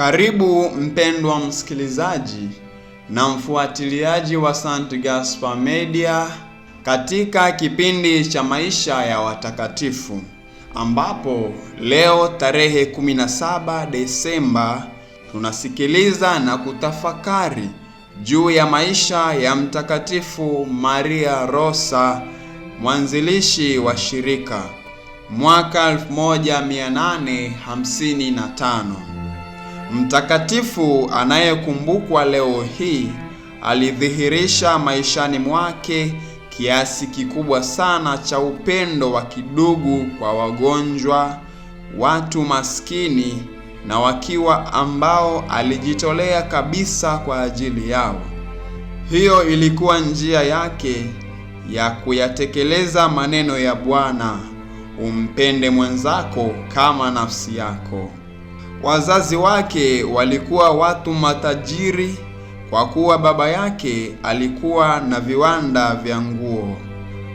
Karibu mpendwa msikilizaji na mfuatiliaji wa St. Gaspar Media katika kipindi cha maisha ya watakatifu ambapo leo tarehe 17 Desemba tunasikiliza na kutafakari juu ya maisha ya Mtakatifu Maria Rosa, mwanzilishi wa shirika mwaka 1855. Mtakatifu anayekumbukwa leo hii alidhihirisha maishani mwake kiasi kikubwa sana cha upendo wa kidugu kwa wagonjwa, watu maskini na wakiwa ambao alijitolea kabisa kwa ajili yao. Hiyo ilikuwa njia yake ya kuyatekeleza maneno ya Bwana, umpende mwenzako kama nafsi yako. Wazazi wake walikuwa watu matajiri kwa kuwa baba yake alikuwa na viwanda vya nguo.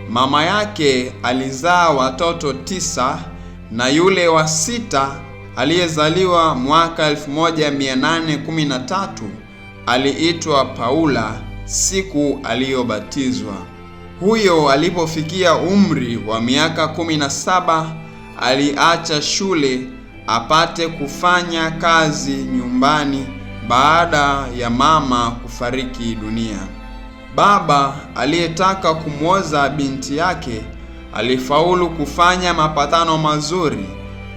Mama yake alizaa watoto tisa na yule wa sita aliyezaliwa mwaka 1813 aliitwa Paula siku aliyobatizwa. Huyo alipofikia umri wa miaka 17 aliacha shule apate kufanya kazi nyumbani baada ya mama kufariki dunia. Baba aliyetaka kumwoza binti yake alifaulu kufanya mapatano mazuri,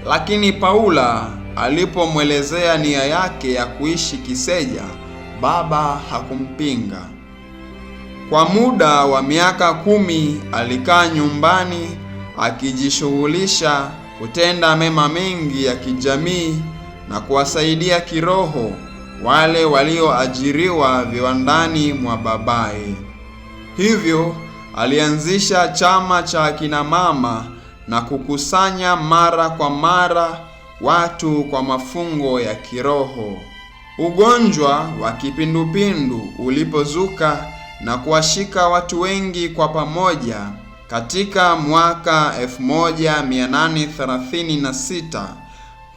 lakini Paula alipomwelezea nia yake ya kuishi Kiseja, baba hakumpinga. Kwa muda wa miaka kumi alikaa nyumbani akijishughulisha kutenda mema mengi ya kijamii na kuwasaidia kiroho wale walioajiriwa viwandani mwa babaye. Hivyo alianzisha chama cha akina mama na kukusanya mara kwa mara watu kwa mafungo ya kiroho. Ugonjwa wa kipindupindu ulipozuka na kuwashika watu wengi kwa pamoja katika mwaka 1836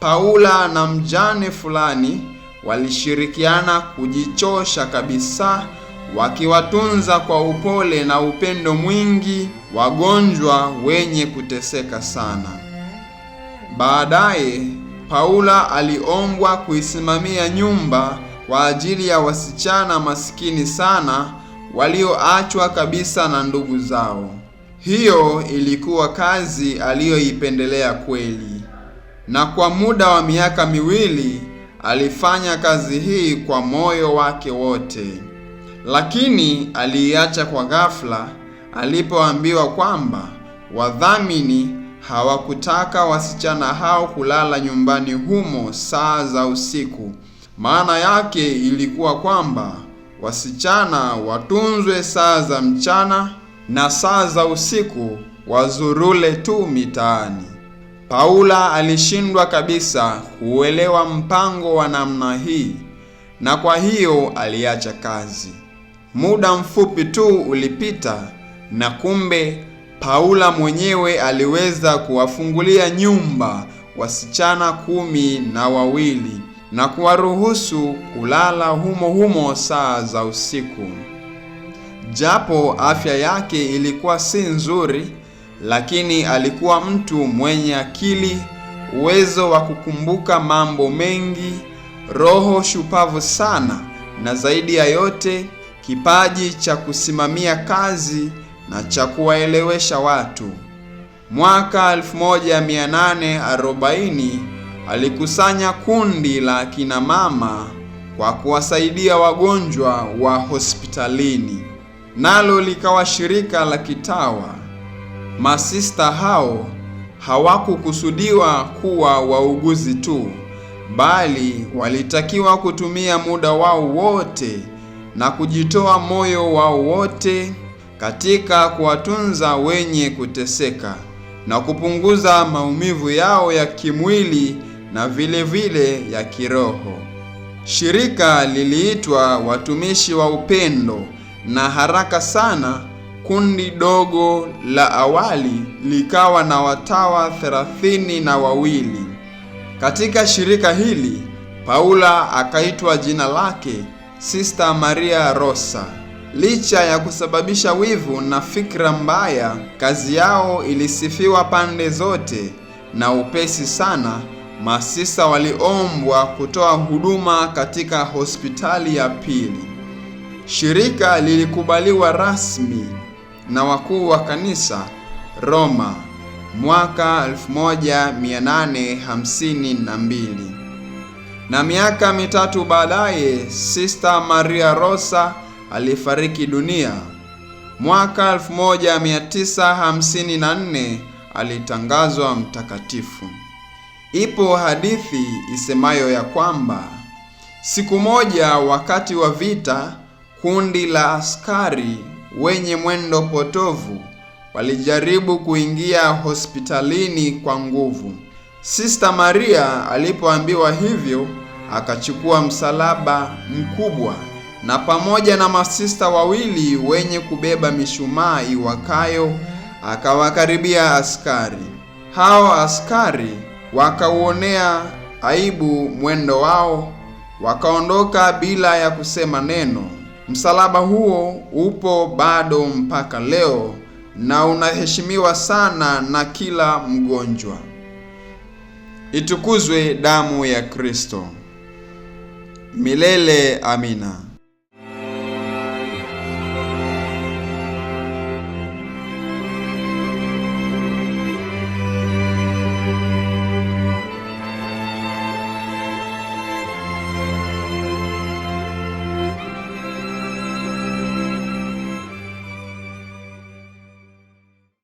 Paula na mjane fulani walishirikiana kujichosha kabisa, wakiwatunza kwa upole na upendo mwingi wagonjwa wenye kuteseka sana. Baadaye Paula aliombwa kuisimamia nyumba kwa ajili ya wasichana masikini sana walioachwa kabisa na ndugu zao. Hiyo ilikuwa kazi aliyoipendelea kweli, na kwa muda wa miaka miwili alifanya kazi hii kwa moyo wake wote, lakini aliiacha kwa ghafla alipoambiwa kwamba wadhamini hawakutaka wasichana hao kulala nyumbani humo saa za usiku. Maana yake ilikuwa kwamba wasichana watunzwe saa za mchana na saa za usiku wazurule tu mitaani. Paula alishindwa kabisa kuuelewa mpango wa namna hii, na kwa hiyo aliacha kazi. Muda mfupi tu ulipita, na kumbe Paula mwenyewe aliweza kuwafungulia nyumba wasichana kumi na wawili na kuwaruhusu kulala humo humo saa za usiku. Japo afya yake ilikuwa si nzuri, lakini alikuwa mtu mwenye akili, uwezo wa kukumbuka mambo mengi, roho shupavu sana, na zaidi ya yote kipaji cha kusimamia kazi na cha kuwaelewesha watu. Mwaka 1840 alikusanya kundi la akina mama kwa kuwasaidia wagonjwa wa hospitalini nalo likawa shirika la kitawa. Masista hao hawakukusudiwa kuwa wauguzi tu, bali walitakiwa kutumia muda wao wote na kujitoa moyo wao wote katika kuwatunza wenye kuteseka na kupunguza maumivu yao ya kimwili na vile vile ya kiroho. Shirika liliitwa watumishi wa upendo na haraka sana kundi dogo la awali likawa na watawa thelathini na wawili. Katika shirika hili Paula akaitwa jina lake Sista Maria Rosa. Licha ya kusababisha wivu na fikra mbaya, kazi yao ilisifiwa pande zote, na upesi sana masista waliombwa kutoa huduma katika hospitali ya pili shirika lilikubaliwa rasmi na wakuu wa kanisa Roma mwaka 1852 na miaka mitatu baadaye Sister Maria Rosa alifariki dunia. Mwaka 1954 alitangazwa mtakatifu. Ipo hadithi isemayo ya kwamba siku moja wakati wa vita kundi la askari wenye mwendo potovu walijaribu kuingia hospitalini kwa nguvu. Sista Maria alipoambiwa hivyo, akachukua msalaba mkubwa na pamoja na masista wawili wenye kubeba mishumaa iwakayo akawakaribia askari hao. Askari wakauonea aibu mwendo wao, wakaondoka bila ya kusema neno. Msalaba huo upo bado mpaka leo na unaheshimiwa sana na kila mgonjwa. Itukuzwe damu ya Kristo! Milele amina.